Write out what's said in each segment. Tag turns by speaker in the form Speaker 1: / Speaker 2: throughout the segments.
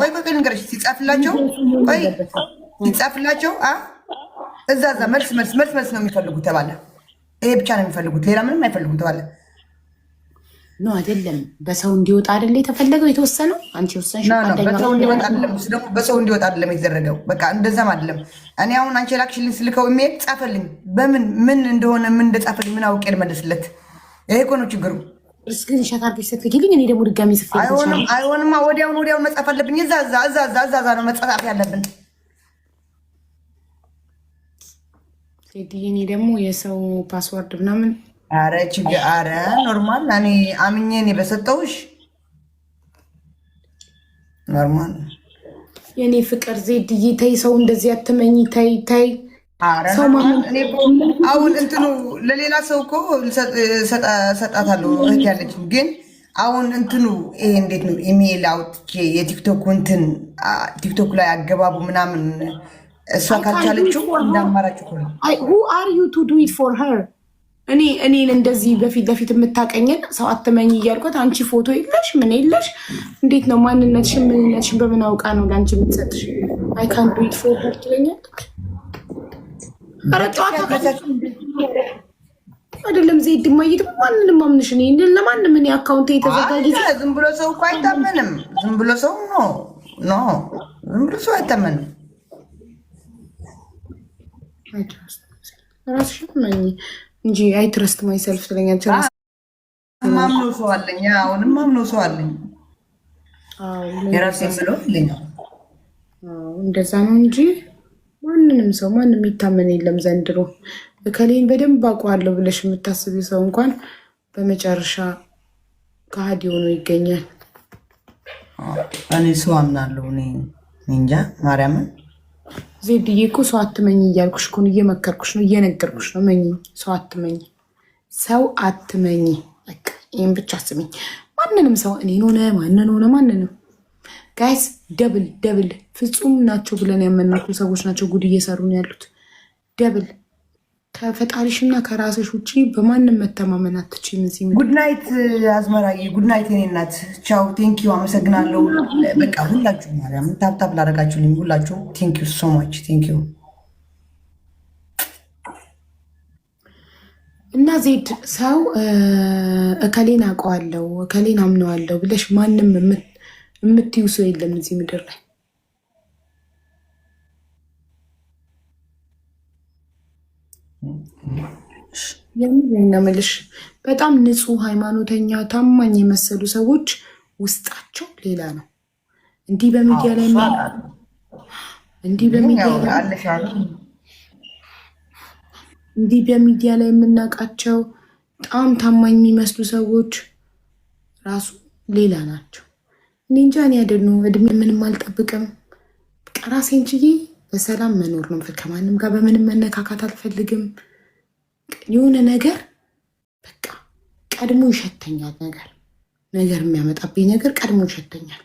Speaker 1: ቆይ ቆይ ንገረች ሲጻፍላቸው ቆይ ሲጻፍላቸው እዛ እዛ መልስ መልስ መልስ መልስ ነው የሚፈልጉት ተባለ። ይሄ ብቻ ነው የሚፈልጉት፣ ሌላ ምንም አይፈልጉም ተባለ።
Speaker 2: ኖ አይደለም፣ በሰው እንዲወጣ አይደለ የተፈለገው የተወሰነው። አንቺ ወሰንሽ፣
Speaker 1: በሰው እንዲወጣ አይደለም እሱ ደግሞ በሰው እንዲወጣ አይደለም የተደረገው። በቃ እንደዛም አይደለም። እኔ አሁን አንቺ የላክሽልኝ ስልከው የሚሄድ ጻፈልኝ፣ በምን ምን እንደሆነ ምን እንደጻፈልኝ ምን አውቄ ልመለስለት? ይሄ እኮ ነው ችግሩ።
Speaker 2: ስክሪን ሻት አድርገሽ ስትልኪልኝ እኔ ደግሞ ድጋሚ ጽፌ
Speaker 1: አይሆንም፣ አይሆንማ። ወዲያውን ወዲያውን መጻፍ አለብኝ። እዛ እዛ እዛ እዛ እዛ እዛ ነው መጻፍ ያለብን።
Speaker 2: እኔ ደግሞ የሰው ፓስወርድ ምናምን
Speaker 1: አረ ችግር አረ ኖርማል። እኔ አምኜ እኔ በሰጠውሽ ኖርማል።
Speaker 2: የእኔ ፍቅር ዜድዬ ተይ፣ ሰው እንደዚህ አትመኝ። ተይ ተይ
Speaker 1: አሁን እንትኑ ለሌላ ሰው እኮ ሰጣታለሁ እህት ያለችው ግን አሁን እንትኑ ይሄ እንዴት ነው ኢሜይል አውጥቼ የቲክቶክ እንትን ቲክቶክ ላይ አገባቡ ምናምን እሷ ካልቻለችው እንዳማራጭ ሆነ
Speaker 2: ሁ አር ዩ ቱ ዱ ኢት ፎር ሄር እኔ እኔን እንደዚህ በፊት ለፊት የምታቀኘን ሰው አትመኝ እያልኳት አንቺ ፎቶ የለሽ ምን የለሽ እንዴት ነው ማንነትሽን ምንነትሽን በምን አውቃ ነው ለአንቺ የምትሰጥሽ? አይ ካን ዱ ኢት ፎር ሄር ትለኛለች አይደለም ዜድ ማየት ማንንም ማምንሽ እኔ ለማንም እኔ አካውንት የተዘጋ
Speaker 1: ጊዜ ዝም ብሎ ሰው እኮ አይታመንም። ዝም ብሎ ሰው ኖ ኖ ዝም ብሎ ሰው አይታመንም።
Speaker 2: ራስሽ እንጂ አይ ትረስት ሰልፍ ስለኛ
Speaker 1: ማምኖ ሰው አለኝ። አሁንም ማምኖ ሰው አለኝ። የራሴ ምለው ለኛ
Speaker 2: እንደዛ ነው እንጂ ማንንም ሰው ማንም የሚታመን የለም ዘንድሮ። እከሌን በደንብ አውቀዋለሁ ብለሽ የምታስቢ ሰው እንኳን በመጨረሻ ከሃዲ ሆኖ ይገኛል።
Speaker 1: እኔ ሰው አምናለሁ። እኔ እንጃ ማርያምን
Speaker 2: ዜድዬ እኮ ሰው አትመኝ እያልኩሽ እኮ ነው፣ እየመከርኩሽ ነው፣ እየነገርኩሽ ነው። መኝ ሰው አትመኝ፣ ሰው አትመኝ። ይህን ብቻ ስሚኝ። ማንንም ሰው እኔን ሆነ ማንን ሆነ ማንንም ጋይስ ደብል ደብል ፍጹም ናቸው ብለን ያመናቸው ሰዎች ናቸው ጉድ እየሰሩ ነው ያሉት። ደብል ከፈጣሪሽና ከራስሽ ውጭ በማንም መተማመን አትችም። እዚህ
Speaker 1: ጉድናይት አዝመራዬ፣ ጉድናይት የኔ እናት። ቻው ቴንኪዩ፣ አመሰግናለሁ። በቃ ሁላችሁ ማርያም ታብታብ ላደረጋችሁ ልኝ ሁላችሁ ቴንኪዩ ሶማች ቴንኪዩ።
Speaker 2: እና ዜድ ሰው እከሌን አውቀዋለሁ እከሌን አምነዋለሁ ብለሽ ማንም የምትዩ ሰው የለም እዚህ ምድር ላይ። የምልሽ በጣም ንጹህ ሃይማኖተኛ ታማኝ የመሰሉ ሰዎች ውስጣቸው ሌላ ነው። እንዲህ በሚዲያ ላይ እንዲህ በሚዲያ እንዲህ በሚዲያ ላይ የምናውቃቸው በጣም ታማኝ የሚመስሉ ሰዎች ራሱ ሌላ ናቸው። እንጃ እኔ አይደሉ እድሜ ምንም አልጠብቅም። ቀራሴን ችዬ በሰላም መኖር ነው። ከማንም ጋር በምንም መነካካት አልፈልግም። የሆነ ነገር በቃ ቀድሞ ይሸተኛል። ነገር ነገር የሚያመጣብኝ ነገር ቀድሞ ይሸተኛል።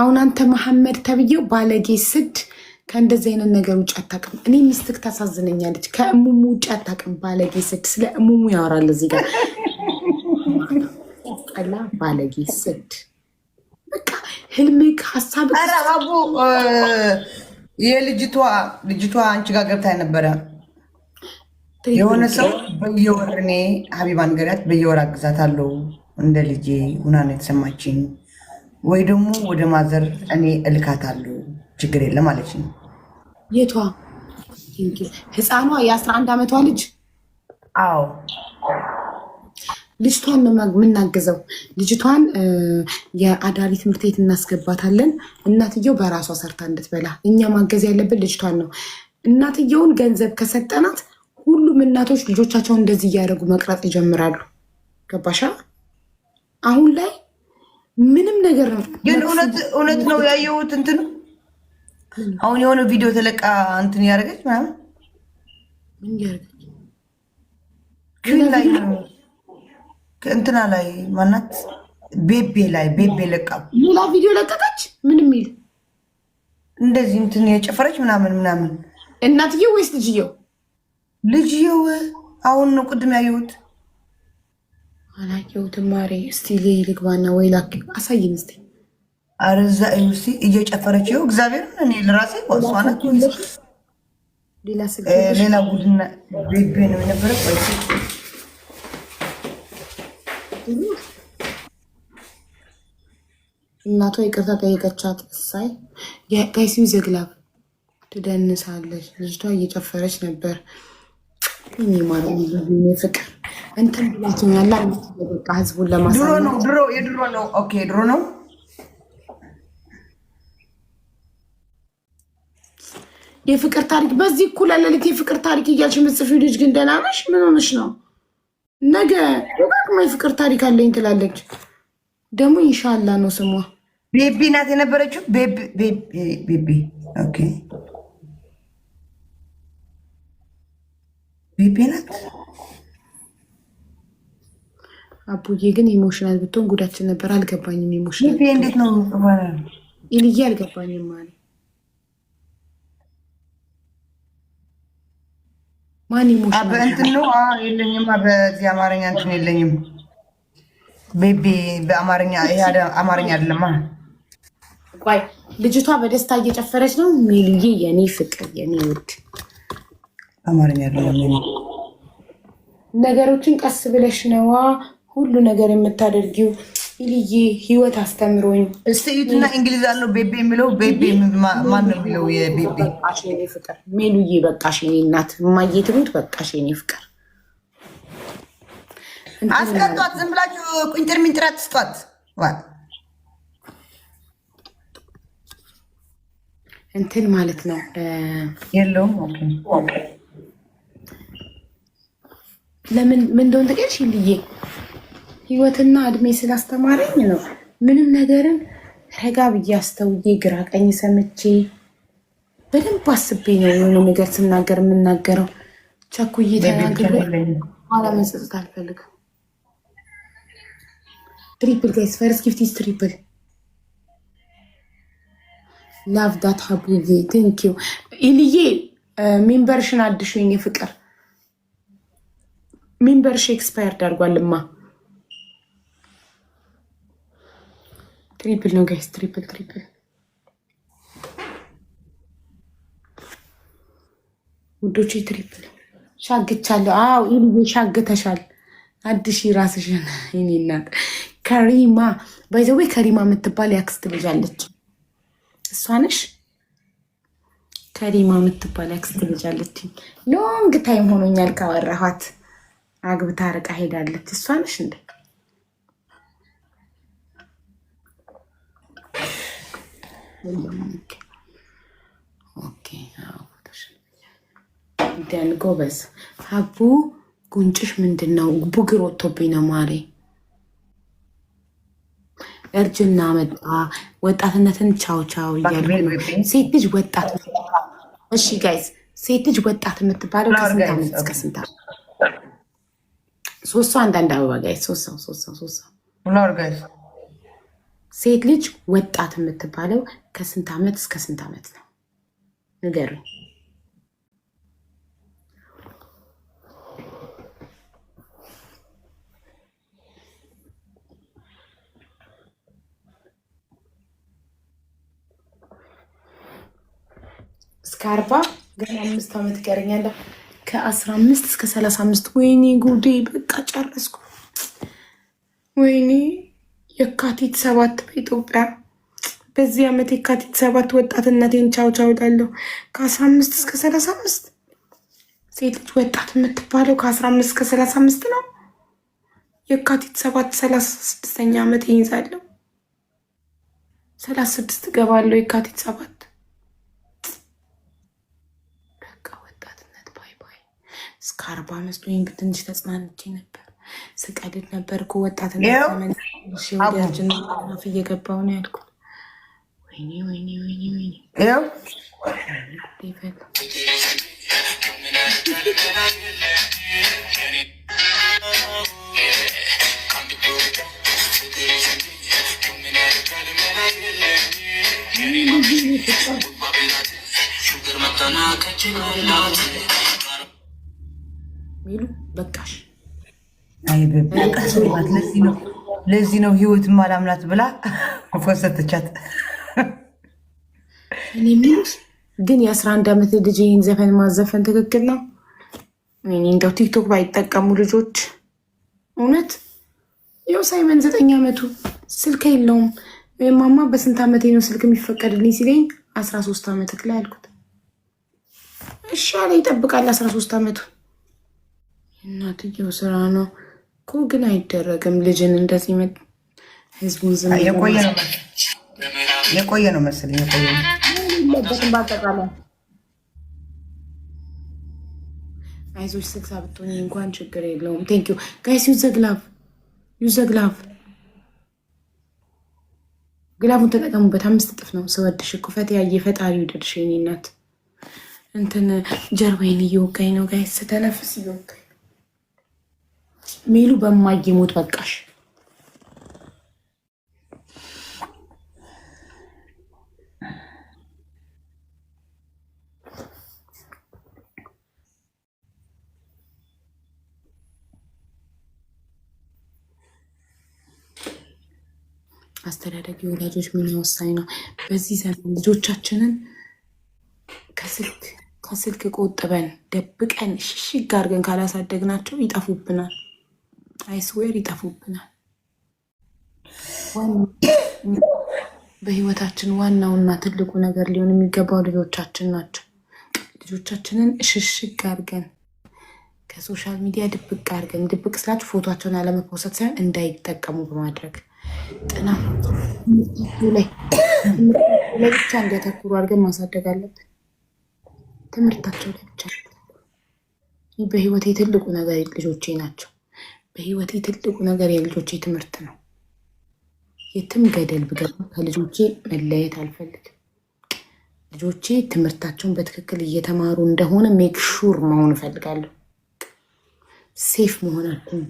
Speaker 2: አሁን አንተ መሐመድ ተብዬው ባለጌ ስድ ከእንደዚህ አይነት ነገር ውጭ አታውቅም። እኔ ሚስትክ ታሳዝነኛለች። ከእሙሙ ውጭ አታውቅም። ባለጌ ስድ ስለ እሙሙ ያወራል እዚህ ጋር ቀላ ባለጌ ስድ በቃ ህልምክ ሀሳብ
Speaker 1: አቡ የልጅቷ ልጅቷ አንቺ ጋር ገብታ ነበረ የሆነ ሰው በየወር እኔ ሀቢባ ገሪያት በየወር አግዛት አለው እንደ ልጄ ሁና ነው የተሰማችኝ። ወይ ደግሞ ወደ ማዘር እኔ እልካት አለው ችግር የለም ማለት። ነው
Speaker 2: የቷ ህፃኗ የአስራ አንድ ዓመቷ ልጅ? አዎ ልጅቷን ነው የምናግዘው። ልጅቷን የአዳሪ ትምህርት ቤት እናስገባታለን። እናትየው በራሷ ሰርታ እንድትበላ እኛ ማገዝ ያለብን ልጅቷን ነው። እናትየውን ገንዘብ ከሰጠናት ሁሉም እናቶች ልጆቻቸውን እንደዚህ እያደረጉ መቅረጽ ይጀምራሉ። ገባሻ? አሁን ላይ ምንም ነገር ነው
Speaker 1: ግን እውነት ነው ያየሁት እንትን አሁን የሆነ ቪዲዮ ተለቃ እንትን እያደረገች ምናምን ላይ እንትና ላይ ማናት ቤቤ ላይ ቤቤ ለቃ
Speaker 2: ሌላ ቪዲዮ ለቀቀች። ምን የሚል
Speaker 1: እንደዚህ እንትን የጨፈረች ምናምን ምናምን
Speaker 2: እናትየው ወይስ ልጅየው?
Speaker 1: ልጅየው አሁን ነው ቅድም ያየሁት።
Speaker 2: አላየሁትም። ማሬ እስቲ ልግባና ወይ ላክ አሳይን እስቲ
Speaker 1: አረዛ ዩሲ እየጨፈረች ይኸው እኔ ለራሴ ሌላ ቡድና ቤቤ ነው የነበረ
Speaker 2: እናቷ ይቅርታ ጠየቀቻት። እሳይ ጋይሲው ዘግላብ ትደንሳለች። ልጅቷ እየጨፈረች ነበር። ፍቅር እንትን በቃ ህዝቡን ለማሳ
Speaker 1: ድሮ ነው ድሮ የድሮ ነው ኦኬ ድሮ ነው
Speaker 2: የፍቅር ታሪክ በዚህ እኩል ለሊት የፍቅር ታሪክ እያልሽ ምጽፊ ልጅ ግን ደህና ነሽ? ምን ሆነሽ ነው? ነገ ደጋግማ የፍቅር ታሪክ አለኝ ትላለች። ደግሞ ኢንሻላ ነው ስሟ።
Speaker 1: ቤቢ ናት የነበረችው። ቤቢ ቤቢ ናት።
Speaker 2: አቡዬ ግን ኢሞሽናል ብትሆን ጉዳችን ነበር። አልገባኝም። ኢሞሽናል እንዴት ነው ኢልዬ? አልገባኝም ማለት ማን ይሞሽ
Speaker 1: በእንትን ነው የለኝም፣ በዚህ አማርኛ እንትን የለኝም። ቤቢ በአማርኛ ይሄ አማርኛ አይደለማ።
Speaker 2: ቆይ ልጅቷ በደስታ እየጨፈረች ነው። ሚልዬ የኔ ፍቅር የኔ ውድ
Speaker 1: አማርኛ አይደለም።
Speaker 2: ነገሮችን ቀስ ብለሽ ነዋ ሁሉ ነገር የምታደርጊው ልዬ ህይወት አስተምሮኝ
Speaker 1: እስተዩትና እንግሊዝ አለው ቤቤ የሚለው ቤቤ ማን ነው የሚለው? የቤቤ
Speaker 2: ፍቅር ሜሉዬ፣ በቃሽ የኔ እናት ማየት ሙት፣ በቃሽ የኔ ፍቅር
Speaker 1: አስቀጧት። ዝም ብላችሁ ቁንጥር ሚንጥር አትስጧት።
Speaker 2: እንትን ማለት ነው የለውም ለምን ምን እንደሆነ ተቀልሽ ልዬ ህይወትና እድሜ ስላስተማረኝ ነው። ምንም ነገርን ረጋ ብዬ አስተውዬ ግራ ቀኝ ሰምቼ በደንብ አስቤ ነው የሆነ ነገር ስናገር የምናገረው። ቸኩዬ ተናግሬ አለመጸጸት አልፈልግም። ትሪፕል ጋይስ ፈርስት ጊፍት ኢዝ ትሪፕል ላቭ ዳት ሀቡዬ ቴንክ ዩ ኢልዬ። ሜምበርሽን አድሽኝ የፍቅር ሜምበርሽ ኤክስፓየርድ አድርጓልማ። ትሪፕል ነው ጋይስ፣ ትሪፕል ትሪፕል። ውዶች ትሪፕል ሻግቻለሁ። አዎ ይሄ ሻግተሻል። አዲሽ ራስሽን የኔ እናት ከሪማ ባይዘዌ ከሪማ የምትባል ያክስት ልጅ አለች። እሷ ነሽ ከሪማ የምትባል ያክስት ልጅ አለች። ሎንግ ታይም ሆኖኛል ካወራኋት። አግብታ ርቃ ሄዳለች። እሷ ነሽ እንደ ደን ጎበዝ። ሀቡ ጉንጭሽ ምንድን ነው? ቡግር ወጥቶብኝ ነው ማሬ። እርጅና መጣ። ወጣትነትን ቻው ቻው እያሉ ሴት ልጅ ወጣት። እሺ ጋይዝ፣ ሴት ልጅ ወጣት የምትባለው ከስንት ዓመት እስከ ስንት ዓመት? ሶስት ሰው አንዳንድ አበባ ጋይዝ፣ ሶስት ሰው ሶስት ሰው ሶስት ሰው ሴት ልጅ ወጣት የምትባለው ከስንት ዓመት እስከ ስንት ዓመት ነው? ንገሩ። እስከ አርባ ገና አምስት ዓመት ይቀረኛለሁ። ከአስራ አምስት እስከ ሰላሳ አምስት ወይኔ ጉዴ! በቃ ጨረስኩ። ወይኔ የካቲት ሰባት በኢትዮጵያ በዚህ ዓመት የካቲት ሰባት ወጣትነቴን ቻው ቻው እላለሁ። ከአስራ አምስት እስከ ሰላሳ አምስት ሴት ልጅ ወጣት የምትባለው ከአስራ አምስት እስከ ሰላሳ አምስት ነው። የካቲት ሰባት ሰላሳ ስድስተኛ ዓመቴን ይዛለሁ። ሰላሳ ስድስት እገባለሁ የካቲት ሰባት በቃ ወጣትነት ባይ እስከ አርባ መስሎኝ ትንሽ ተጽናንቼ ነበር። ስቀልድ ነበር እኮ
Speaker 1: ወጣትነት
Speaker 2: ፍ እየገባሁ ነው ያልኩት። ወይኔ ወይኔ ወይኔ ወይኔ ሚሉ በቃሽ።
Speaker 1: አይ በቃሽ ማለት ነው ለዚህ ነው ህይወት ማላምናት ብላ ፈሰተቻት
Speaker 2: ግን የአስራ አንድ ዓመት ልጅ ይህን ዘፈን ማዘፈን ትክክል ነው? እንደው ቲክቶክ ባይጠቀሙ ልጆች እውነት ይኸው ሳይመን ዘጠኝ ዓመቱ ስልክ የለውም። ማማ በስንት ዓመቴ ነው ስልክ የሚፈቀድልኝ ሲለኝ አስራ ሶስት ዓመት ክላ ያልኩት እሻ ላይ ይጠብቃል አስራ ሶስት ዓመቱ እናትየው ስራ ነው እኮ ግን አይደረግም። ልጅን እንደዚህ ህዝቡን ዝም
Speaker 1: የቆየ ነው መሰለኝ የቆየ ነው
Speaker 2: የለበትም። በአጠቃላይ አይዞች ስግሳ ብትሆኝ እንኳን ችግር የለውም። ቴንክ ዩ ጋይስ ዩዘ ግላቭ ዩዘ ግላቭ ግላቡን ተጠቀሙበት። አምስት እጥፍ ነው። ስወድሽ ኩፈት ያየ ፈጣሪ ውደድሽ የኔ እናት። እንትን ጀርባዬን እየወጋኝ ነው ጋይስ፣ ስተነፍስ እየወጋኝ ሜሉ በማዬ ሞት በቃሽ። አስተዳደግ የወላጆች ምን ወሳኝ ነው። በዚህ ዘመን ልጆቻችንን ከስልክ ቆጥበን ደብቀን ሽሽግ አድርገን ካላሳደግናቸው ይጠፉብናል። አይስዌር ይጠፉብናል። በህይወታችን ዋናውና ትልቁ ነገር ሊሆን የሚገባው ልጆቻችን ናቸው። ልጆቻችንን ሽሽግ አድርገን ከሶሻል ሚዲያ ድብቅ አድርገን ድብቅ ስላችሁ ፎቶቸውን አለመፖሰት ሳይሆን እንዳይጠቀሙ በማድረግ ጥናት ላይ ለብቻ እንዲያተኩሩ አድርገን ማሳደግ አለብን። ትምህርታቸው ላይ በህይወቴ ትልቁ ነገር ልጆቼ ናቸው። በህይወቴ ትልቁ ነገር የልጆቼ ትምህርት ነው። የትም ገደል ብገባ ከልጆቼ መለየት አልፈልግም። ልጆቼ ትምህርታቸውን በትክክል እየተማሩ እንደሆነ ሜክ ሹር መሆን እፈልጋለሁ። ሴፍ መሆናቸውን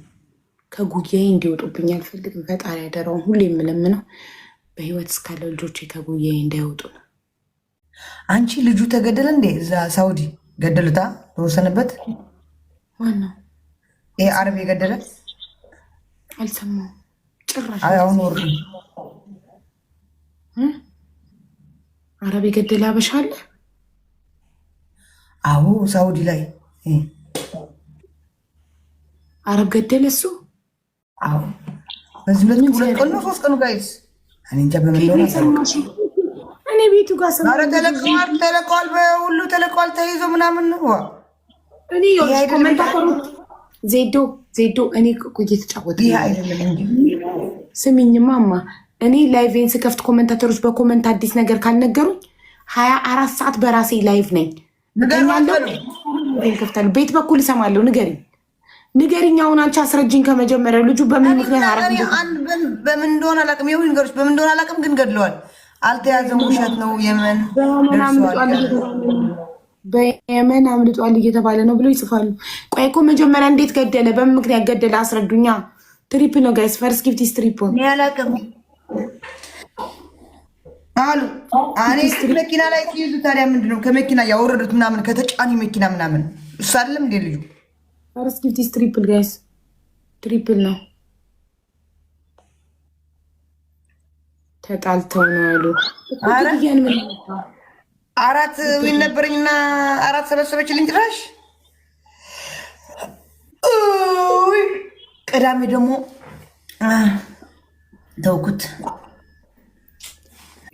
Speaker 2: ከጉያዬ እንዲወጡብኝ አልፈልግም። ፈጣሪ ያደረውን ሁሌ የምለምነው በህይወት እስካለው ልጆቼ ከጉያዬ እንዳይወጡ ነው።
Speaker 1: አንቺ ልጁ ተገደለ እንዴ? እዛ ሳውዲ ገደሉታ ተወሰነበት። ማነው ይሄ አረብ የገደለት? አልሰማሁም ጭራሽ።
Speaker 2: አረብ የገደለ አበሻ አለ።
Speaker 1: አዎ ሳውዲ ላይ
Speaker 2: አረብ ገደለ እሱ።
Speaker 1: አዎ በዚህ ሁለት ሁለት ቀን ነው ሶስት ቀኑ ጋይስ እኔ እንጃ በመለሆነ
Speaker 2: እኔ ቤቱ ጋር ሰማ።
Speaker 1: ኧረ ተለቀዋል ተለቀዋል፣ በሁሉ ተለቀዋል፣ ተይዞ ምናምን ነው
Speaker 2: እኔ ዜዶ ዜዶ እኔ እኮ እየተጫወተ ስሚኝ ማማ፣ እኔ ላይቬን ስከፍት ኮመንታተሮች በኮመንት አዲስ ነገር ካልነገሩኝ ሀያ አራት ሰዓት በራሴ ላይቭ ነኝ። ከፍታለሁ ቤት በኩል እሰማለሁ። ንገሪኝ ንገሪኝ፣ አሁን አንቺ አስረጅኝ። ከመጀመሪያው ልጁ በምን
Speaker 1: ምክንያት በምን እንደሆነ አላውቅም፣ የሁሉ ነገሮች በምን እንደሆነ አላውቅም፣ ግን ገድለዋል። አልተያዘም፣ ውሸት ነው የመን ደርሰዋል
Speaker 2: በየመን አምልጧል እየተባለ ነው ብሎ ይጽፋሉ። ቆይ እኮ መጀመሪያ እንዴት ገደለ? በምን ምክንያት ገደለ? አስረዱኛ። ትሪፕ ነው ጋይስ፣ ፈርስ ጊፍት ስትሪፕ
Speaker 1: ነው ያላቅም አሉ። እኔ መኪና ላይ ሲይዙ ታዲያ ምንድነው ከመኪና ያወረዱት ምናምን ከተጫኒ መኪና ምናምን እሱ አይደለም እንዴ ልዩ።
Speaker 2: ፈርስ ጊፍት ትሪፕል ጋይስ፣ ትሪፕል ነው። ተጣልተው ነው ያሉ
Speaker 1: አራት ዊን ነበረኝና አራት ሰበሰበችልኝ። ጭራሽ ቅዳሜ ደግሞ ተውኩት።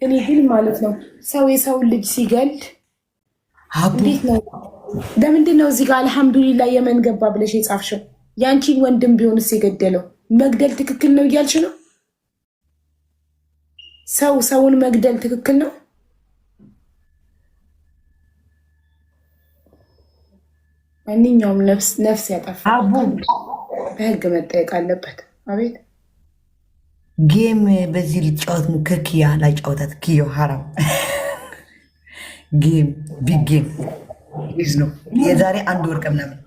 Speaker 2: እኔ ግን ማለት ነው ሰው የሰውን ልጅ ሲገል እንዴት ነው? ለምንድን ነው እዚህ ጋር አልሐምዱሊላ የመን ገባ ብለሽ የጻፍሽው? ያንቺን ወንድም ቢሆንስ የገደለው መግደል ትክክል ነው እያልሽ ነው? ሰው ሰውን መግደል ትክክል ነው? ማንኛውም ነፍስ ነፍስ ያጠፋ በህግ መጠየቅ አለበት። አቤት
Speaker 1: ጌም በዚህ ልጫወት ነው። ከኪያ ላጫወታት ኪዮ ሀራም ጌም ቢግ ጌም ዝ ነው። የዛሬ አንድ ወር ከምናምን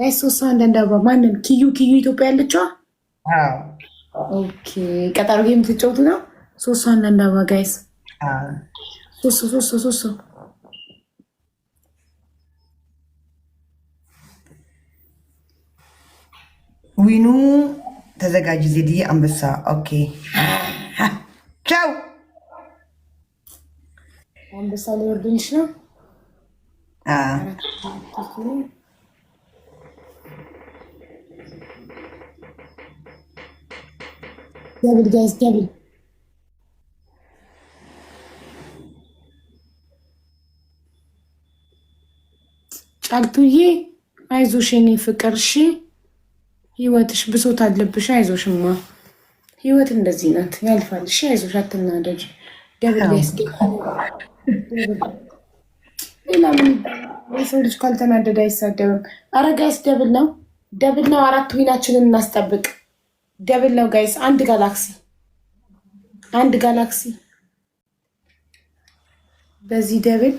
Speaker 2: ላይ ሶስት ሰው አንዳንድ አበባ ማንም ኪዩ ኪዩ ኢትዮጵያ ያለችዋ ኦኬ፣ ቀጠሮ ጌም ትጫወቱ ነው። ሶስት ሰው አንዳንድ ጋይስ ሶስት ሰው ሶስት ሶስት
Speaker 1: ዊኑ ተዘጋጅ። ዜዲ አንበሳ ኦኬ፣ ቻው።
Speaker 2: አንበሳ ሊወርድልሽ ነው። ጫልቱዬ አይዞሽ የኔ ፍቅር እሺ። ህይወትሽ ብሶት አለብሽ። አይዞሽማ ህይወት እንደዚህ ናት፣ ያልፋል። እሺ አይዞሽ፣ አትናደጅ። ደብል ያስጌ ሌላ ምን የሰው ልጅ ካልተናደደ አይሳደብም። አረ ጋይስ ደብል ነው፣ ደብል ነው። አራት ዊናችንን እናስጠብቅ። ደብል ነው ጋይስ። አንድ ጋላክሲ፣ አንድ ጋላክሲ በዚህ ደብል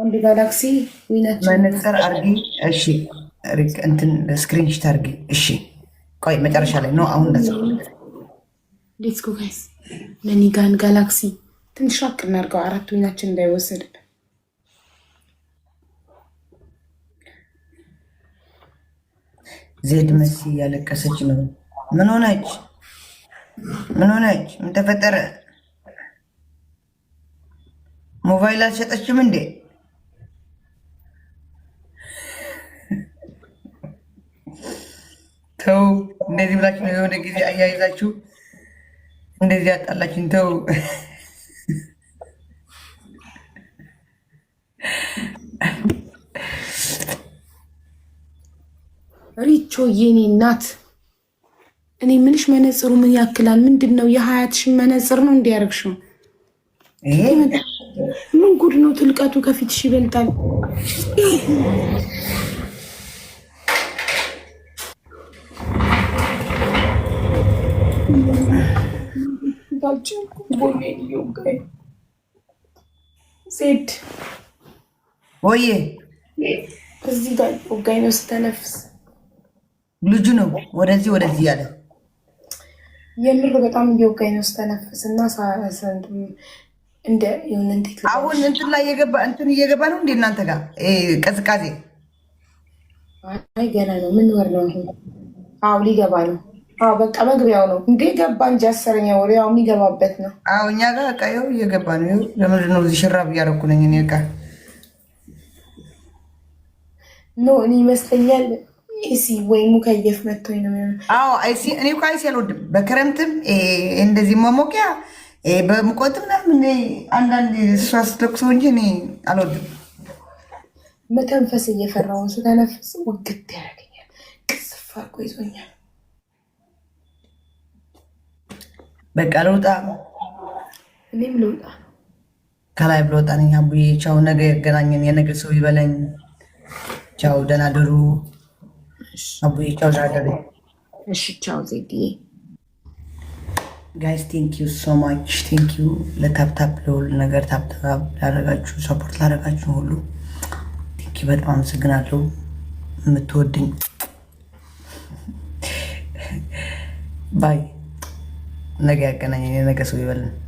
Speaker 2: አንድ ጋላክሲ ዊናችን
Speaker 1: መነጽር አርጊ። እሺ ሪክ እንትን ስክሪንሽት አርጊ። እሺ ቆይ መጨረሻ ላይ ነው። አሁን እንደዚ
Speaker 2: ሌትስ ጎ ጋይስ ለኒጋን ጋላክሲ ትንሽ ራቅ እናድርገው፣ አራት ወይናችን እንዳይወሰድብን።
Speaker 1: ዜድ መሲ ያለቀሰች ነው። ምን ሆነች? ምን ሆነች? ምን ተፈጠረ? ሞባይል አልሸጠችም እንዴ? ተው እንደዚህ ብላችሁ ነው የሆነ ጊዜ አያይዛችሁ እንደዚህ ያጣላችን። ተው
Speaker 2: ሪቾ የኔ እናት፣ እኔ ምንሽ መነፅሩ ምን ያክላል? ምንድን ነው የሀያትሽን መነፅር ነው እንዲያደርግሽው? ምን ጉድ ነው ትልቀቱ፣ ከፊትሽ ይበልጣል። አልቻልኩም። ቦሌን እየወጋኝ ዜድ ወይ እዚህ ጋር ወጋኝ ነው ስተነፍስ
Speaker 1: ልጁ ነው ወደዚህ ወደዚህ ያለ
Speaker 2: የምር በጣም እየወጋኝ ነው ስተነፍስ እና
Speaker 1: አሁን እንትን ላይ የገባ እንትን እየገባ ነው እንዴ እናንተ ጋር ቅዝቃዜ?
Speaker 2: አይ ገና ነው። ምን ወር ነው? አዎ ሊገባ ነው። በቃ መግቢያው ነው እንዴ? ገባ እንጂ አስረኛ ወር ያው የሚገባበት ነው።
Speaker 1: አዎ እኛ ጋር እቃ ይኸው እየገባ ነው። ይኸው ለምንድን ነው እዚህ ሽራብ እያደረኩ ነኝ እኔ
Speaker 2: ኖ እኔ ይመስለኛል ኤሲ ወይ ሙከየፍ መጥቶኝ ነው
Speaker 1: አዎ እኔ እኮ አይሲ አልወድም። በክረምትም እንደዚህ መሞቂያ በሙቀትም ምናምን አንዳንድ እሷ ስትለኩሰው እንጂ እኔ አልወድም።
Speaker 2: መተንፈስ እየፈራውን ስለነፍስ ውግት ያደርገኛል። ቅስፋ ቆይዞኛል በቃ ልውጣ፣ እኔም ልውጣ።
Speaker 1: ከላይ ብሎጣ ነኝ። አቡዬ ቻው፣ ነገ ያገናኘን። የነገ ሰው ይበለኝ። ቻው፣ ደህና ደሩ። አቡዬ ቻው፣ ደህና ደሩ።
Speaker 2: እሺ፣ ቻው ዜድዬ።
Speaker 1: ጋይስ ቴንክ ዩ ሶ ማች ቴንክ ዩ ለታፕታፕ ለሁሉ ነገር ታፕታፕ ላደረጋችሁ ሰፖርት ላደረጋችሁ ሁሉ ቴንክ ዩ በጣም አመሰግናለሁ። የምትወድኝ ባይ No hay que engañar, no que